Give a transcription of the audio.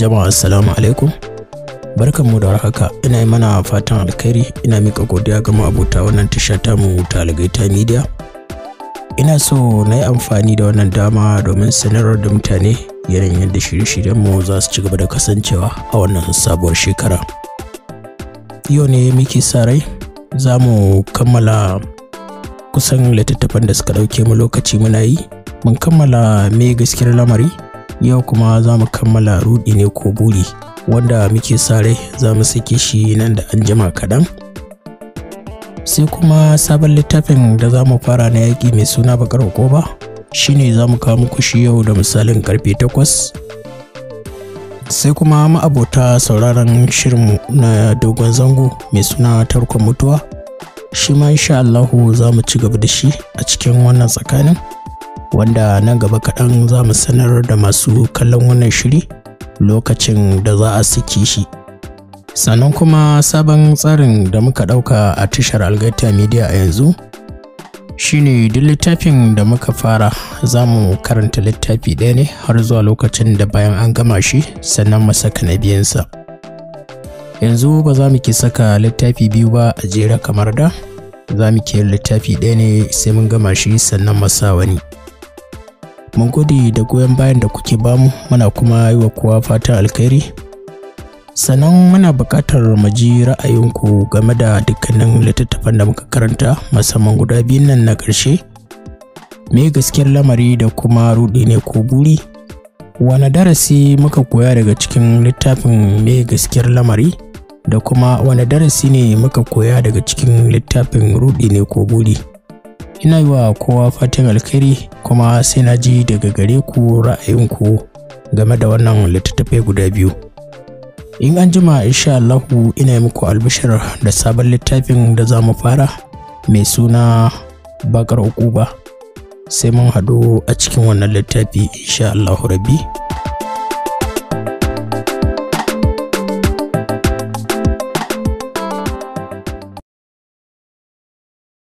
Jama'a assalamu alaikum. Barkanmu da warhaka. Ina yi mana fatan alkhairi. Ina mika godiya ga abota wannan tasha ta mu ta Algaita Media. Ina so na yi amfani da wannan dama domin sanarwar da mutane yanayin yadda shirye-shiryen mu za su ci gaba da kasancewa a wannan sabuwar shekara. Yau ne muke sa rai za mu kammala kusan littattafan da suka dauke mu lokaci muna yi. Mun kammala me gaskiyar lamari yau kuma za mu kammala rudi ne ko buri wanda muke sa rai za mu sake shi nan da an jima kaɗan sai kuma sabon littafin da za mu fara na yaƙi mai suna bakar ba shine za mu kawo muku shi yau da misalin karfe takwas sai kuma ma'abota sauraron shirinmu na dogon zango mai suna tarkon mutuwa shi ma insha Allahu za mu ci gaba da shi a cikin wannan tsakanin wanda nan gaba kaɗan za mu sanar da masu kallon wannan shiri lokacin da za a saki shi sannan kuma sabon tsarin da muka ɗauka a tashar algaita media a yanzu shine duk littafin da muka fara za mu karanta littafi ɗaya ne har zuwa lokacin da bayan an gama shi sannan mu saka na biyansa yanzu ba za mu ke saka littafi biyu ba a jera kamar da za mu ke littafi ɗaya ne sai mun gama shi sannan masa wani mun gode da goyon bayan da kuke bamu muna kuma yi wa kowa fatan alkhairi sannan muna buƙatar mu ji ra'ayinku game da dukkanin littattafan da muka karanta musamman guda biyun nan na ƙarshe me gaskiyar lamari da kuma ruɗi ne ko buri wani darasi muka koya daga cikin littafin me gaskiyar lamari da kuma wani darasi ne muka koya daga cikin littafin ruɗi ne ko buri ina yi wa kowa fatan alkhairi kuma sai na ji daga gare ku ra'ayinku game da wannan littattafai guda biyu in an jima insha Allahu ina yi muku albishir da sabon littafin da za mu fara mai suna bakar ukuba sai mun haɗu a cikin wannan littafi insha Allahu rabbi